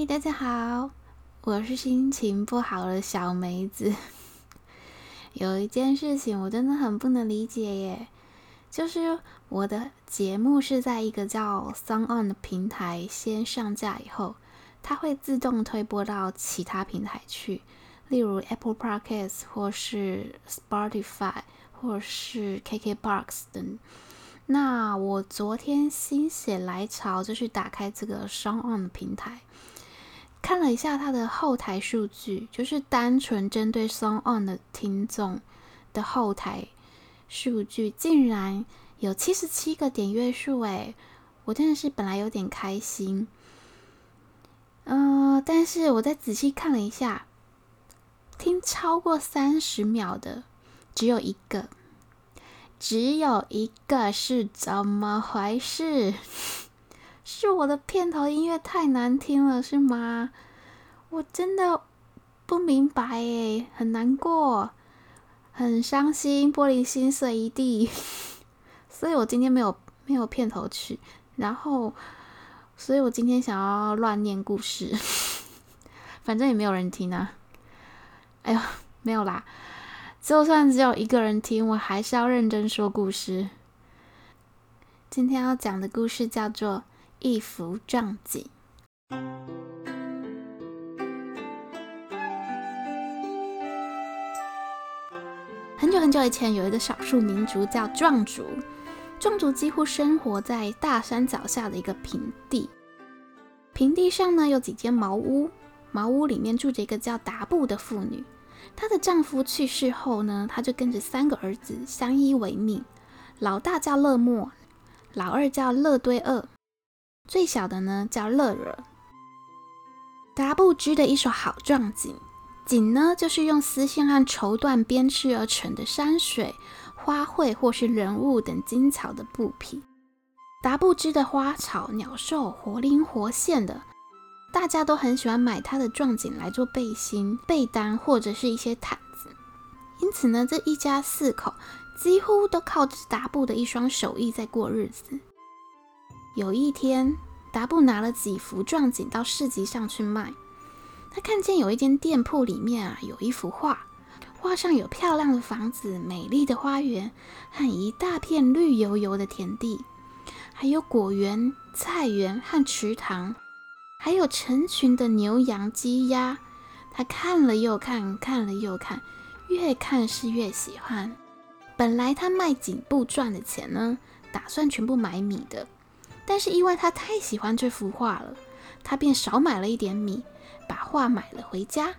嘿、hey，大家好，我是心情不好的小梅子。 有一件事情我真的很不能理解耶，就是我的節目是在一個叫 SoundOn 的平台先上架以後，它會自動推播到其他平台去，例如 Apple Podcasts 或是 Spotify 或是 KKBox 等。那我昨天心血來潮就去打開這個 SoundOn 的平台。看了一下他的後台數據，就是單純針對 SoundOn 的聽眾的後台數據，竟然有七十七個點閱數，欸，我真的是本來有點開心，嗯、呃，但是我再仔細看了一下，聽超過三十秒的只有一個，只有一個是怎麼回事？是我的片頭音樂太難聽了，是嗎？我真的不明白誒，很難過，很傷心，玻璃心碎一地。 所以我今天沒有沒有片頭曲，然後，所以我今天想要亂念故事， 反正也沒有人聽啊。哎呦，沒有啦，就算只有一個人聽，我還是要認真說故事。今天要講的故事叫做。一幅壯錦。很久很久以前，有一個少數民族叫壯族。壯族幾乎生活在大山腳下的一個平地。平地上呢，有幾間茅屋。茅屋裡面住着一個叫妲布的婦女。她的丈夫去世後呢，她就跟着三個兒子相依為命。老大叫勒墨，老二叫勒堆厄。最小的呢，叫勒惹。達布織的一手好壯錦，錦呢就是用絲線和綢緞編織而成的山水、花卉或是人物等精巧的布匹。達布織的花草鳥獸活靈活現的，大家都很喜歡買它的壯錦來做背心、被單或者是一些毯子。因此呢，這一家四口幾乎都靠着達布的一雙手藝在過日子。有一天，妲布拿了幾幅壯錦到市集上去賣。他看見有一間店鋪裡面啊，有一幅畫，畫上有漂亮的房子、美麗的花園和一大片綠油油的田地，還有果園、菜園和池塘，還有成群的牛羊雞鴨。他看了又看，看了又看，越看是越喜歡。本來他賣錦布賺的錢呢，打算全部買米的。但是，因為他太喜歡這幅畫了，他便少買了一點米，把畫買了回家。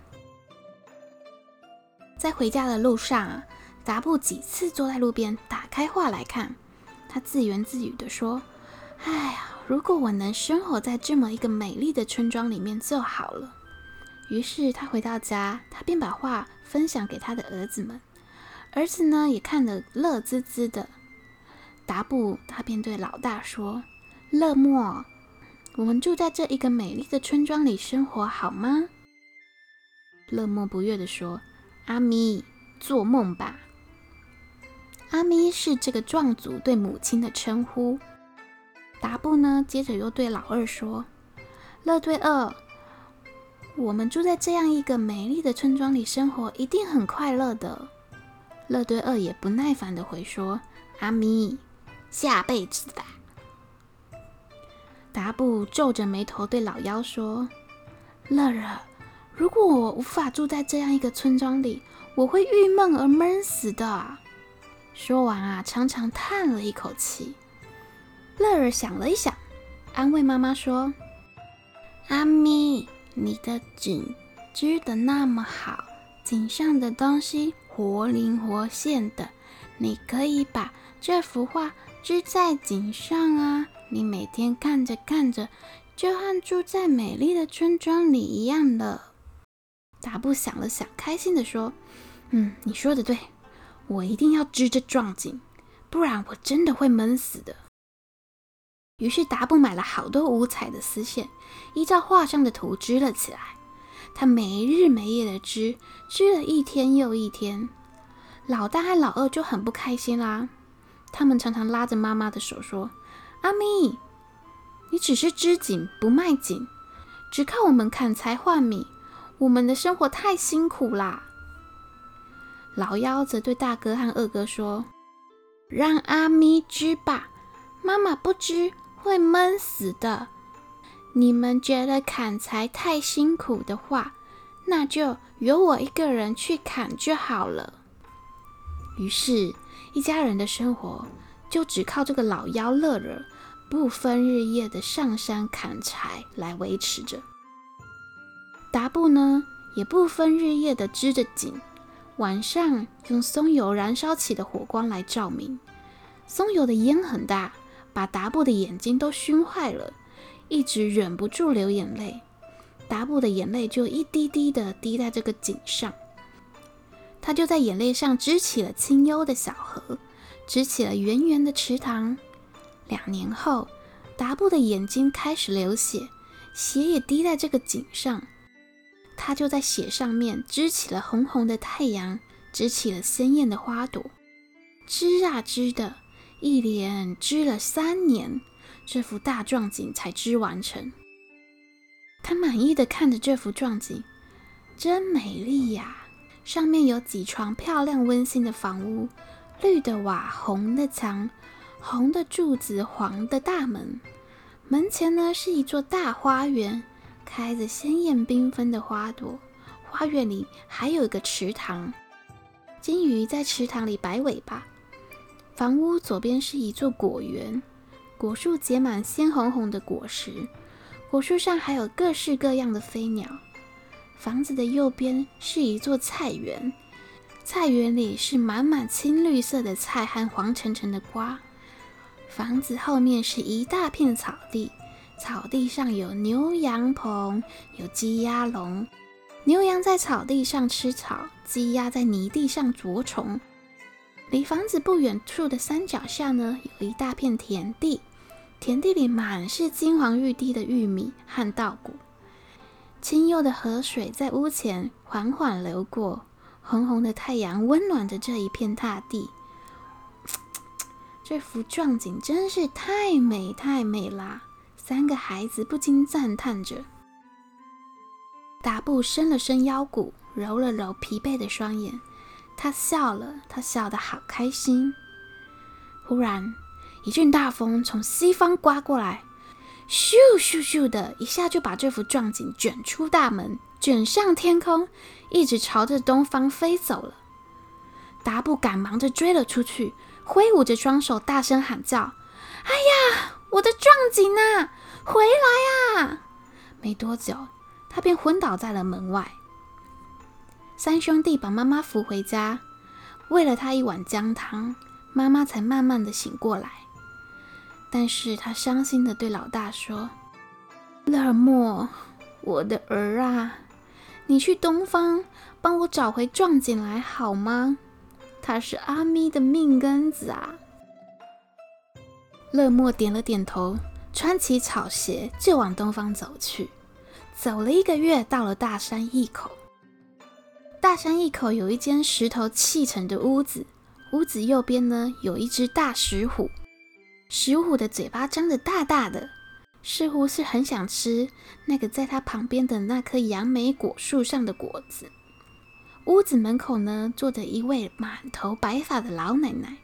在回家的路上，達布幾次坐在路邊打開畫來看，他自言自語地說：“哎呀，如果我能生活在這麼一個美麗的村莊裡面就好了。”於是他回到家，他便把畫分享給他的兒子們，兒子呢也看得樂滋滋的。達布他便對老大說。勒墨，我們住在這一個美麗的村莊裡生活，好嗎？勒墨不悅地說：“阿咪，做夢吧。”阿咪是這個壯族對母親的稱呼。妲布呢，接着又對老二說：“勒堆厄，我們住在這樣一個美麗的村莊裡生活，一定很快樂的。”勒堆厄也不耐煩地回說：“阿咪，下輩子吧。”妲布皺着眉頭對老幺說：“勒惹，如果我無法住在這樣一個村莊裡，我會鬱悶而悶死的。”說完啊，長長嘆了一口氣。勒惹想了一想，安慰媽媽說：“阿咪，你的錦織得那麼好，錦上的東西活靈活現的，你可以把這幅畫。”織在錦上啊！你每天看着看着，就和住在美麗的村莊裡一樣的。達布想了想，開心地說：“嗯，你說的對，我一定要織着壯錦，不然我真的會悶死的。”於是達布買了好多五彩的絲線，依照畫上的圖織了起來。他沒日沒夜地織，織了一天又一天。老大和老二就很不開心啦、啊。他們常常拉着媽媽的手說：“阿咪，你只是織錦不賣錦，只靠我們砍柴換米，我們的生活太辛苦啦。”老幺則對大哥和二哥說：“讓阿咪織吧，媽媽不織會悶死的。你們覺得砍柴太辛苦的話，那就由我一個人去砍就好了。”於是。一家人的生活就只靠這個老大勒墨，不分日夜的上山砍柴來維持着。達布呢，也不分日夜的織着錦，晚上用松油燃燒起的火光來照明。松油的煙很大，把達布的眼睛都熏壞了，一直忍不住流眼淚。達布的眼淚就一滴滴的滴在這個錦上。他就在眼淚上織起了清幽的小河，織起了圓圓的池塘。兩年後，達布的眼睛開始流血，血也滴在這個井上。他就在血上面織起了紅紅的太陽，織起了鮮豔的花朵。織啊織的，一連織了三年，這幅大壯錦才織完成。他滿意的看着這幅壯錦，真美麗呀、啊！上面有幾床漂亮溫馨的房屋，綠的瓦，紅的牆，紅的柱子，黃的大門。門前呢是一座大花園，開着鮮艷繽紛的花朵。花園裡還有一個池塘，金魚在池塘裡擺尾巴。房屋左邊是一座果園，果樹結滿鮮紅紅的果實。果樹上還有各式各樣的飛鳥。房子的右邊是一座菜園，菜園裡是滿滿青綠色的菜和黃澄澄的瓜。房子後面是一大片草地，草地上有牛羊棚，有雞鴨籠。牛羊在草地上吃草，雞鴨在泥地上啄蟲。離房子不遠處的山腳下呢，有一大片田地，田地裡滿是金黃欲滴的玉米和稻穀。清幽的河水在屋前緩緩流過，紅紅的太陽溫暖着這一片大地。嘖嘖嘖，這幅壯錦真是太美，太美啦！三個孩子不禁讚嘆着。妲布伸了伸腰骨，揉了揉疲憊的雙眼。他笑了，他笑得好開心。忽然，一陣大風從西方刮過來。咻咻咻的一下，就把這幅壯錦捲出大門，捲上天空，一直朝着東方飛走了。達布趕忙着追了出去，揮舞着雙手，大聲喊叫：“哎呀，我的壯錦啊，回來啊！”沒多久，他便昏倒在了門外。三兄弟把媽媽扶回家，餵了他一碗薑湯，媽媽才慢慢的醒過來。但是他傷心地對老大說：“勒墨，我的兒啊，你去東方幫我找回壯錦來好嗎？他是阿咪的命根子啊。”勒墨點了點頭，穿起草鞋就往東方走去。走了一個月，到了大山一口。大山一口有一間石頭砌成的屋子，屋子右邊呢，有一隻大石虎。石虎的嘴巴張得大大的，似乎是很想吃那個在他旁邊的那棵楊梅果樹上的果子。屋子門口呢，坐着一位滿頭白髮的老奶奶。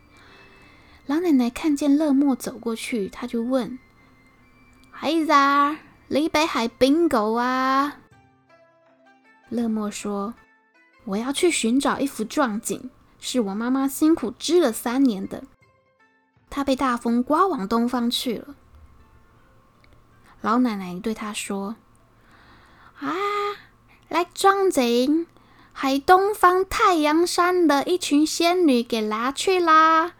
老奶奶看見樂莫走過去，她就問：“孩子，你北海冰狗啊？”樂莫說：“我要去尋找一幅壯錦，是我媽媽辛苦織了三年的。”他被大風颳往東方去了。老奶奶對他說：“啊，來壯錦，海東方太陽山的一群仙女給拿去啦。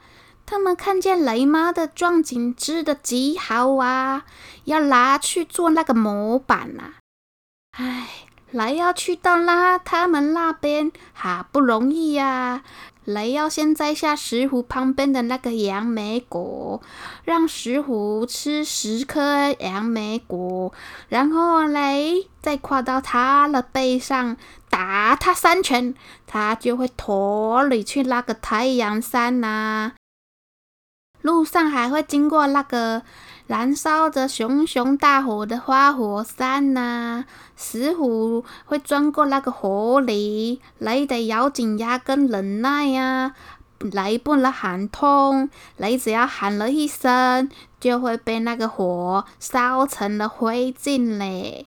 他們看見雷媽的壯錦織得極好啊，要拿去做那個模板吶、啊。哎，來要去到啦他們那邊，好不容易呀、啊。”勒要先摘下石虎旁邊的那個楊梅果，讓石虎吃十顆楊梅果，然後勒再跨到他的背上打他三拳，他就會馱你去那個太陽山吶、啊。路上還會經過那個。燃燒着熊熊大火的花火山吶、啊，石虎會鑽過那個火裡，你得咬緊牙根忍耐呀、啊，你不能喊痛，你只要喊了一聲，就會被那個火燒成了灰燼嘞。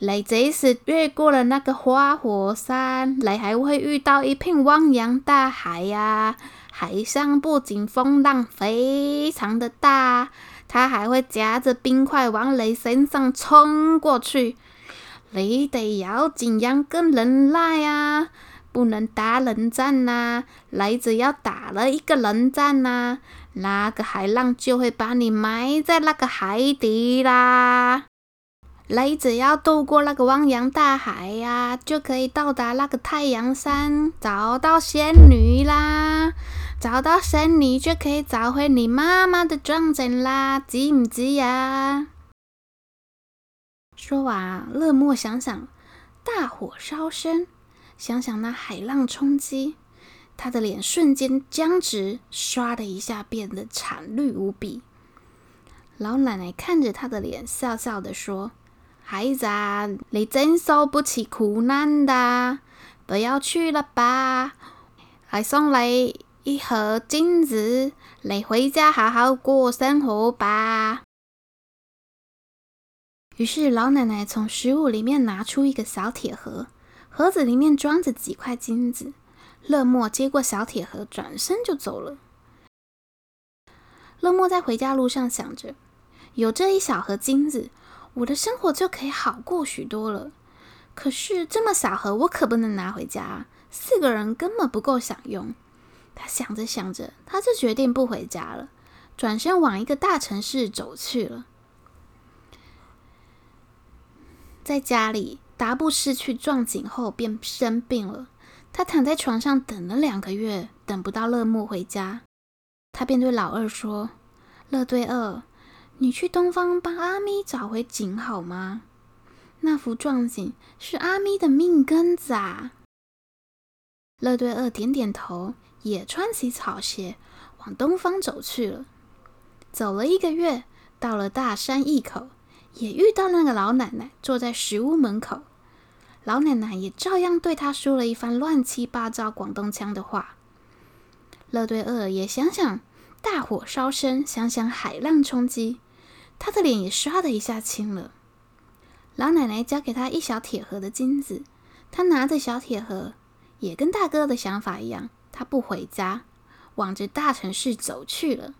你即使越過了那個花火山，你還會遇到一片汪洋大海呀、啊。海上不僅風浪非常的大，它還會夾着冰塊往你身上衝過去。你得咬緊牙根忍耐啊，不能打冷戰吶、啊。你只要打了一個冷戰吶、啊，那個海浪就會把你埋在那個海底啦。雷，只要渡過那個汪洋大海呀、啊，就可以到達那個太陽山，找到仙女啦！找到仙女就可以找回你媽媽的壯錦啦，急不急呀？說完，勒墨想想大火燒身，想想那海浪衝擊，他的臉瞬間僵直，唰的一下變得慘綠無比。老奶奶看着他的臉，笑笑的說。孩子啊，你真受不起苦難的，不要去了吧。還送你一盒金子，你回家好好過生活吧。於是，老奶奶從食物裡面拿出一個小鐵盒，盒子裡面裝着幾塊金子。勒墨接過小鐵盒，轉身就走了。勒墨在回家路上想着，有這一小盒金子。我的生活就可以好過許多了。可是這麼小盒，我可不能拿回家，四個人根本不夠享用。他想着想着，他就決定不回家了，轉身往一個大城市走去了。在家裡，妲布失去壯錦後便生病了。他躺在床上等了兩個月，等不到勒墨回家，他便對老二說：“勒堆厄。”你去東方幫阿咪找回錦好嗎？那幅壯錦是阿咪的命根子啊！勒堆厄點點頭，也穿起草鞋，往東方走去了。走了一個月，到了大山隘口，也遇到那個老奶奶坐在石屋門口。老奶奶也照樣對她說了一番亂七八糟廣東腔的話。勒堆厄也想想大火燒身，想想海浪衝擊。他的臉也唰的一下青了。老奶奶交給他一小鐵盒的金子，他拿着小鐵盒，也跟大哥的想法一樣，他不回家，往着大城市走去了。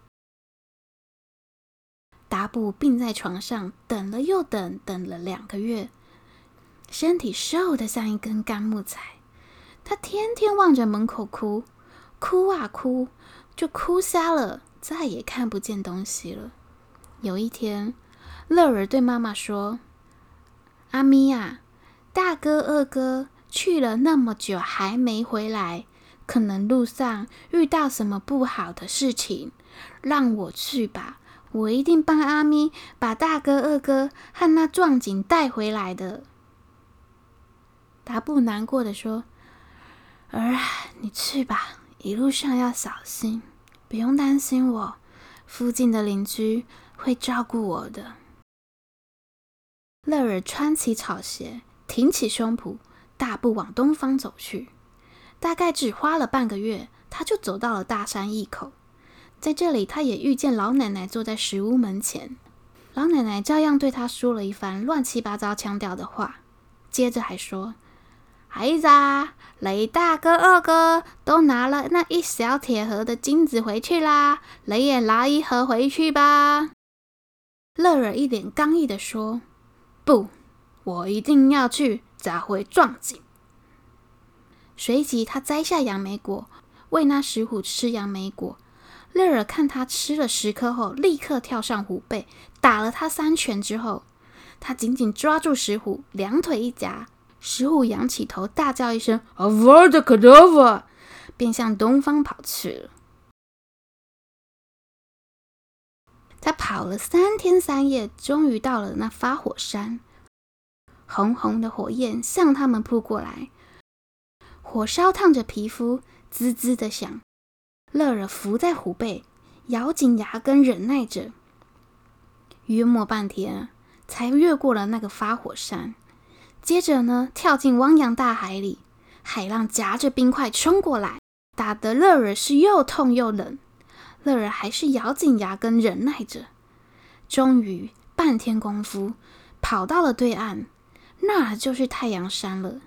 妲布病在床上等了又等，等了兩個月，身體瘦得像一根乾木柴。他天天望着門口哭，哭啊哭，就哭瞎了，再也看不見東西了。有一天，勒惹對媽媽說：“阿咪呀、啊，大哥、二哥去了那麼久還沒回來，可能路上遇到什麼不好的事情，讓我去吧，我一定幫阿咪把大哥、二哥和那壯錦帶回來的。”妲布難過地說：“兒啊，你去吧，一路上要小心，不用擔心我，附近的鄰居。”會照顧我的。勒惹穿起草鞋，挺起胸脯，大步往東方走去。大概只花了半個月，他就走到了大山一口。在這裡，他也遇見老奶奶坐在石屋門前。老奶奶照樣對他說了一番亂七八糟腔調的話，接着還說：“孩子啊，勒大哥、二哥都拿了那一小鐵盒的金子回去啦，勒也拿一盒回去吧。”勒惹一臉剛毅地說：“不，我一定要去找回壯錦。”隨即他，他摘下楊梅果餵那石虎吃楊梅果。勒惹看他吃了十顆後，立刻跳上虎背，打了他三拳之後，他緊緊抓住石虎，兩腿一夾，石虎仰起頭大叫一聲「Avada Kedavra」，便向東方跑去了。他跑了三天三夜，終於到了那發火山。紅紅的火焰向他們撲過來，火燒燙着皮膚，滋滋的響。勒惹伏在虎背，咬緊牙根忍耐着。約莫半天，才越過了那個發火山。接着呢，跳進汪洋大海裡，海浪夾着冰塊衝過來，打得勒惹是又痛又冷。樂兒還是咬緊牙根忍耐着，終於半天功夫跑到了對岸，那兒就是太陽山了。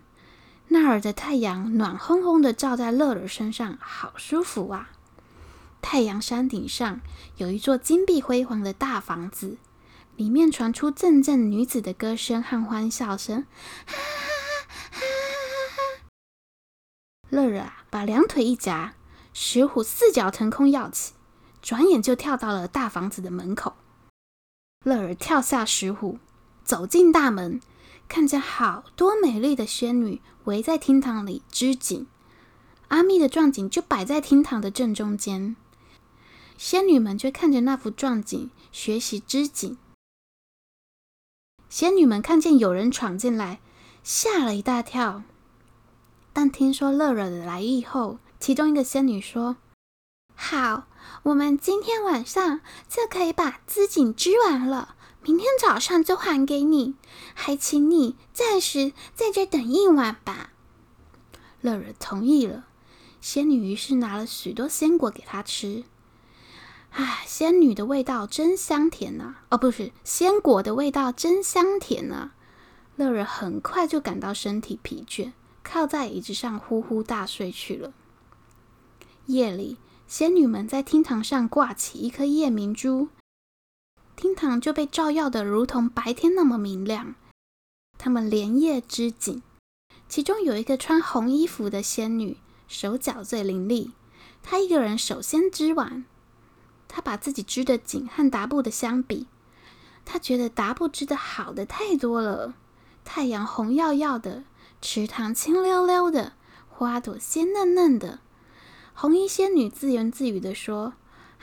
那兒的太陽暖烘烘的照在樂兒身上，好舒服啊！太陽山頂上有一座金碧輝煌的大房子，裡面傳出陣陣女子的歌聲和歡笑聲。樂 樂啊，把兩腿一夾，石虎四腳騰空躍起。轉眼就跳到了大房子的門口。勒惹跳下石虎，走進大門，看見好多美麗的仙女圍在廳堂裡織錦。阿咪的壯錦就擺在廳堂的正中間。仙女們卻看着那幅壯錦，學習織錦。仙女們看見有人闖進來，嚇了一大跳。但聽說勒惹的來意後，其中一個仙女說：“好。”我們今天晚上就可以把織錦織完了，明天早上就還給你。還請你暫時在這兒等一晚吧。樂樂同意了，仙女於是拿了許多鮮果給他吃。哎，仙女的味道真香甜啊！哦，不是，鮮果的味道真香甜啊！樂樂很快就感到身體疲倦，靠在椅子上呼呼大睡去了。夜裡。仙女們在廳堂上掛起一顆夜明珠，廳堂就被照耀得如同白天那麼明亮。她們連夜織錦，其中有一個穿紅衣服的仙女，手腳最伶俐，她一個人首先織完。她把自己織的錦和妲布的相比，她覺得妲布織的好的太多了。太陽紅耀耀的，池塘清溜溜的，花朵鮮嫩嫩的。紅衣仙女自言自語地說：“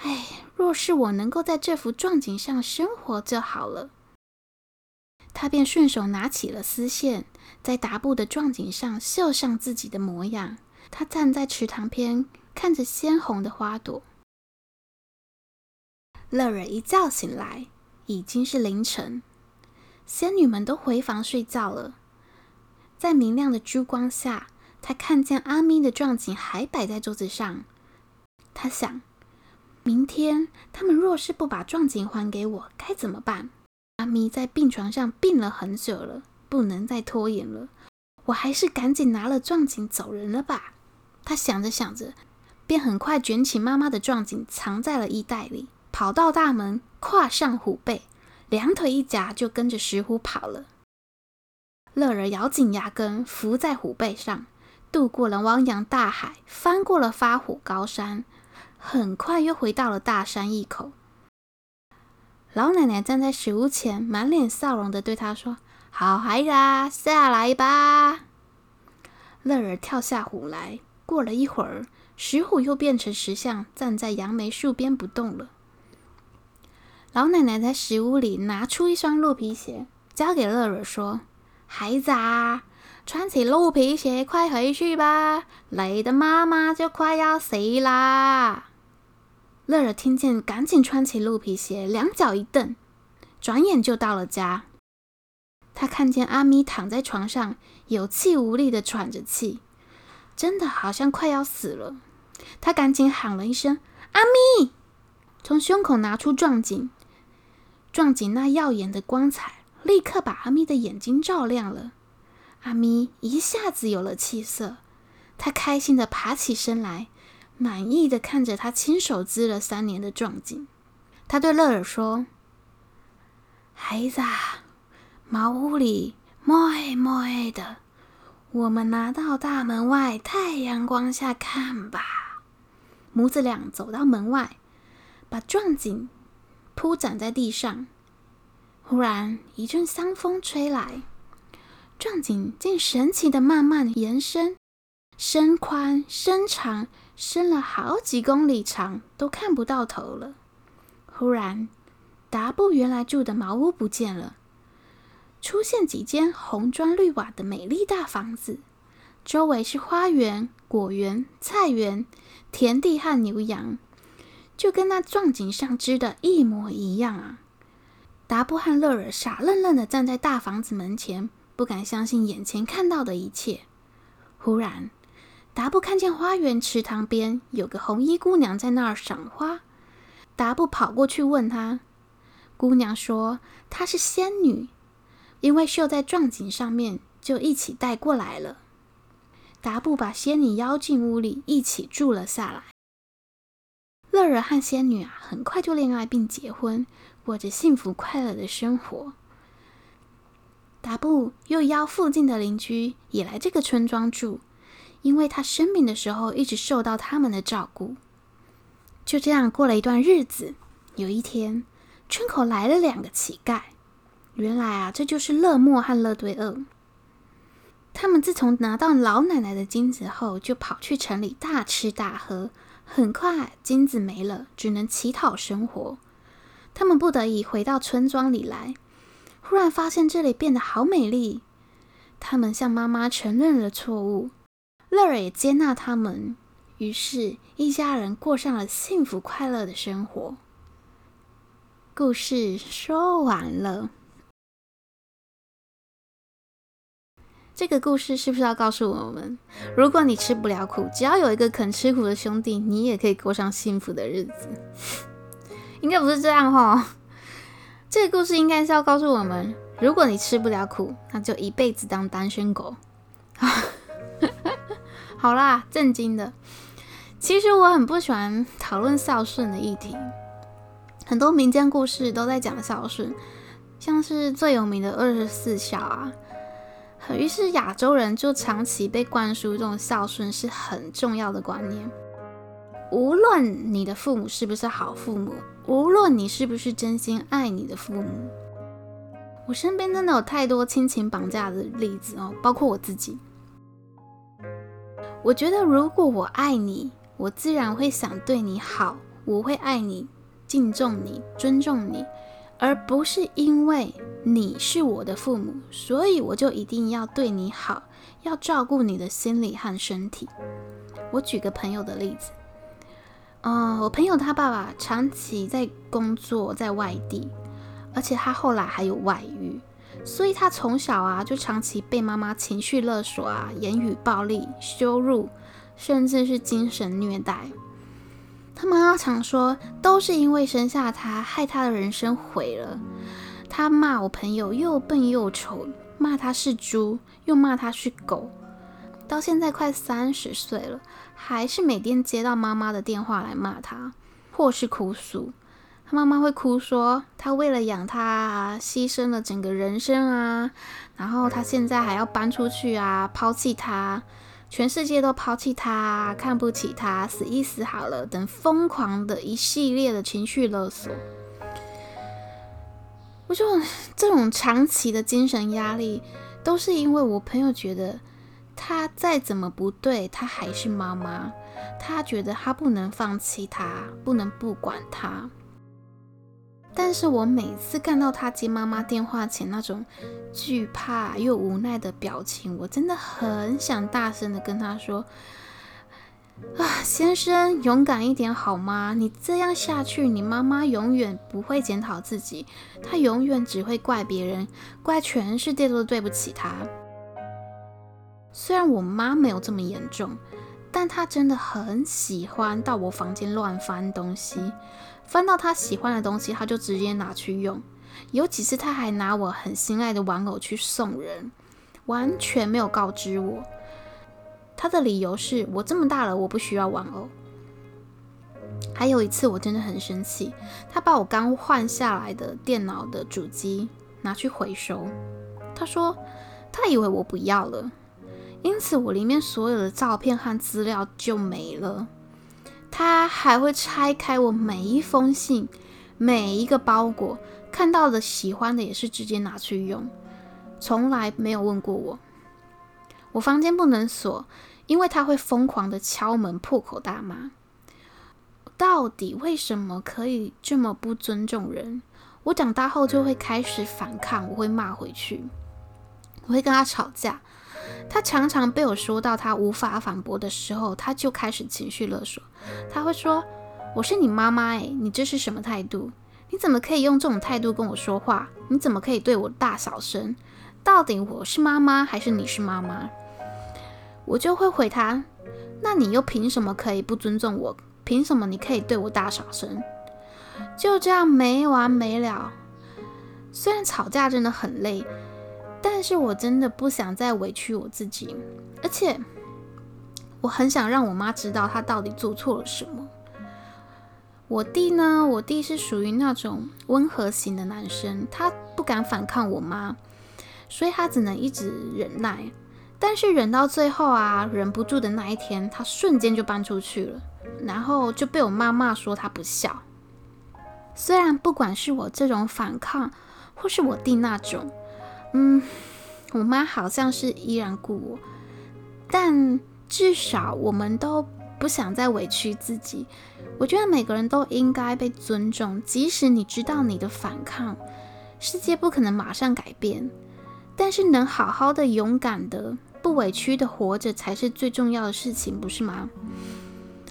哎，若是我能夠在這幅壯錦上生活就好了。”她便順手拿起了絲線，在妲布的壯錦上繡上自己的模樣。她站在池塘邊，看着鮮紅的花朵。勒惹一覺醒來，已經是凌晨，仙女們都回房睡覺了。在明亮的珠光下。他看見阿咪的壯錦還擺在桌子上，他想：明天他們若是不把壯錦還給我，該怎麼辦？阿咪在病床上病了很久了，不能再拖延了。我還是趕緊拿了壯錦走人了吧。他想着想着，便很快卷起媽媽的壯錦藏在了衣袋裡，跑到大門，跨上虎背，兩腿一夾，就跟着石虎跑了。勒惹咬緊牙根，伏在虎背上。渡過了汪洋大海，翻過了發虎高山，很快又回到了大山一口。老奶奶站在石屋前，滿臉笑容地對他說：“好孩子，下來吧。”勒惹跳下虎來。過了一會兒，石虎又變成石像，站在楊梅樹邊不動了。老奶奶在石屋裡拿出一雙鹿皮鞋，交給勒惹說：“孩子啊。”穿起鹿皮鞋，快回去吧！你的媽媽就快要死啦。樂樂聽見，趕緊穿起鹿皮鞋，兩腳一蹬，轉眼就到了家。他看見阿咪躺在床上，有氣無力的喘着氣，真的好像快要死了。他趕緊喊了一聲：“阿咪！”從胸口拿出壯錦，壯錦那耀眼的光彩立刻把阿咪的眼睛照亮了。阿咪一下子有了氣色，他開心的爬起身來，滿意的看着他親手織了三年的壯錦。他對勒惹說：“孩子啊，茅屋裡悶悶的，我們拿到大門外太陽光下看吧。”母子倆走到門外，把壯錦鋪展在地上。忽然一陣香風吹來。壯錦竟神奇的慢慢延伸，伸寬伸長，伸了好幾公里長，都看不到頭了。忽然，妲布原來住的茅屋不見了，出現幾間紅磚綠瓦的美麗大房子，周圍是花園、果園、菜園、田地和牛羊，就跟那壯錦上織的一模一樣啊！妲布和勒惹傻愣愣的站在大房子門前。不敢相信眼前看到的一切。忽然，妲布看見花園池塘邊有個紅衣姑娘，在那兒賞花。妲布跑過去問她，姑娘說她是仙女，因為繡在壯錦上面，就一起帶過來了。妲布把仙女邀進屋裡，一起住了下來。勒惹和仙女啊，很快就戀愛並結婚，過着幸福快樂的生活。妲布又邀附近的鄰居也來這個村莊住，因為他生病的時候一直受到他們的照顧。就這樣過了一段日子，有一天，村口來了兩個乞丐。原來啊，這就是勒墨和勒堆厄。他們自從拿到老奶奶的金子後，就跑去城裡大吃大喝，很快金子沒了，只能乞討生活。他們不得已回到村莊裡來。突然發現這裡變得好美麗，他們向媽媽承認了錯誤，勒惹也接納他們，於是一家人過上了幸福快樂的生活。故事說完了，這個故事是不是要告訴我們：如果你吃不了苦，只要有一個肯吃苦的兄弟，你也可以過上幸福的日子？應該不是這樣哈。這個故事應該是要告訴我們：如果你吃不了苦，那就一輩子當單身狗。 好啦，正經的。其實我很不喜歡討論孝順的議題，很多民間故事都在講孝順，像是最有名的二十四孝啊。於是亞洲人就長期被灌輸這種孝順是很重要的觀念。無論你的父母是不是好父母，無論你是不是真心愛你的父母，我身邊真的有太多親情綁架的例子哦，包括我自己。我覺得，如果我愛你，我自然會想對你好，我會愛你、敬重你、尊重你，而不是因為你是我的父母，所以我就一定要對你好，要照顧你的心理和身體。我舉個朋友的例子。哦，我朋友他爸爸長期在工作，在外地，而且他後來還有外遇，所以他從小啊就長期被媽媽情緒勒索啊，言語暴力、羞辱，甚至是精神虐待。他媽媽常說，都是因為生下他，害他的人生毀了。他罵我朋友又笨又醜，罵他是豬，又罵他是狗。到現在快三十歲了，還是每天接到媽媽的電話來罵他，或是哭訴。他媽媽會哭說，他為了養他，犧牲了整個人生啊。然後他現在還要搬出去啊，拋棄他，全世界都拋棄他，看不起他，死一死好了。等瘋狂的一系列的情緒勒索。我就這種長期的精神壓力，都是因為我朋友覺得。他再怎麼不對，他還是媽媽。他覺得他不能放棄他，不能不管他。但是我每次看到他接媽媽電話前那種懼怕又無奈的表情，我真的很想大聲地跟他說：“啊，先生，勇敢一點好嗎？你這樣下去，你媽媽永遠不會檢討自己，她永遠只會怪別人，怪全世界都對不起她。”雖然我媽沒有這麼嚴重，但她真的很喜歡到我房間亂翻東西，翻到她喜歡的東西，她就直接拿去用。有幾次，她還拿我很心愛的玩偶去送人，完全沒有告知我。她的理由是我這麼大了，我不需要玩偶。還有一次，我真的很生氣，她把我剛換下來的電腦的主機拿去回收，她說她以為我不要了。因此，我裡面所有的照片和資料就沒了。他還會拆開我每一封信、每一個包裹，看到的喜歡的也是直接拿去用，從來沒有問過我。我房間不能鎖，因為他會瘋狂的敲門、破口大罵。到底為什麼可以這麼不尊重人？我長大後就會開始反抗，我會罵回去，我會跟他吵架。他常常被我說到他無法反駁的時候，他就開始情緒勒索。他會說：“我是你媽媽誒，你這是什麼態度？你怎麼可以用這種態度跟我說話？你怎麼可以對我大小聲？到底我是媽媽還是你是媽媽？”我就會回他：“那你又憑什麼可以不尊重我？憑什麼你可以對我大小聲？”就這樣沒完沒了。雖然吵架真的很累。但是我真的不想再委屈我自己，而且我很想讓我媽知道她到底做錯了什麼。我弟呢？我弟是屬於那種溫和型的男生，他不敢反抗我媽，所以他只能一直忍耐。但是忍到最後啊，忍不住的那一天，他瞬間就搬出去了，然後就被我媽罵，罵說他不孝。雖然不管是我這種反抗，或是我弟那種。嗯，我媽好像是依然顧我，但至少我們都不想再委屈自己。我覺得每個人都應該被尊重，即使你知道你的反抗，世界不可能馬上改變，但是能好好的、勇敢的、不委屈的活着才是最重要的事情，不是嗎？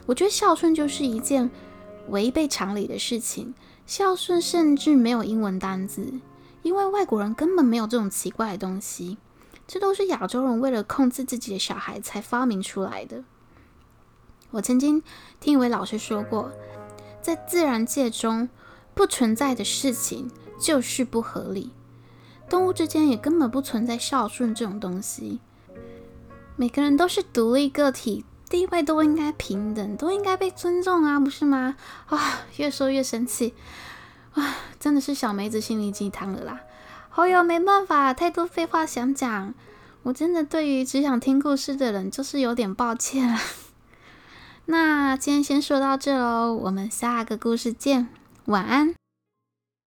我覺得孝順就是一件違背常理的事情，孝順甚至沒有英文單字。因為外國人根本沒有這種奇怪的東西，這都是亞洲人為了控制自己的小孩才發明出來的。我曾經聽一位老師說過，在自然界中不存在的事情就是不合理，動物之間也根本不存在孝順這種東西。每個人都是獨立個體，地位都應該平等，都應該被尊重啊，不是嗎？啊、哦，越說越生氣。啊，真的是小梅子心靈雞湯了啦！好、oh、友、yeah, 沒辦法，太多廢話想講，我真的對於只想聽故事的人就是有點抱歉了。 那今天先說到這嘍，我們下個故事見，晚安。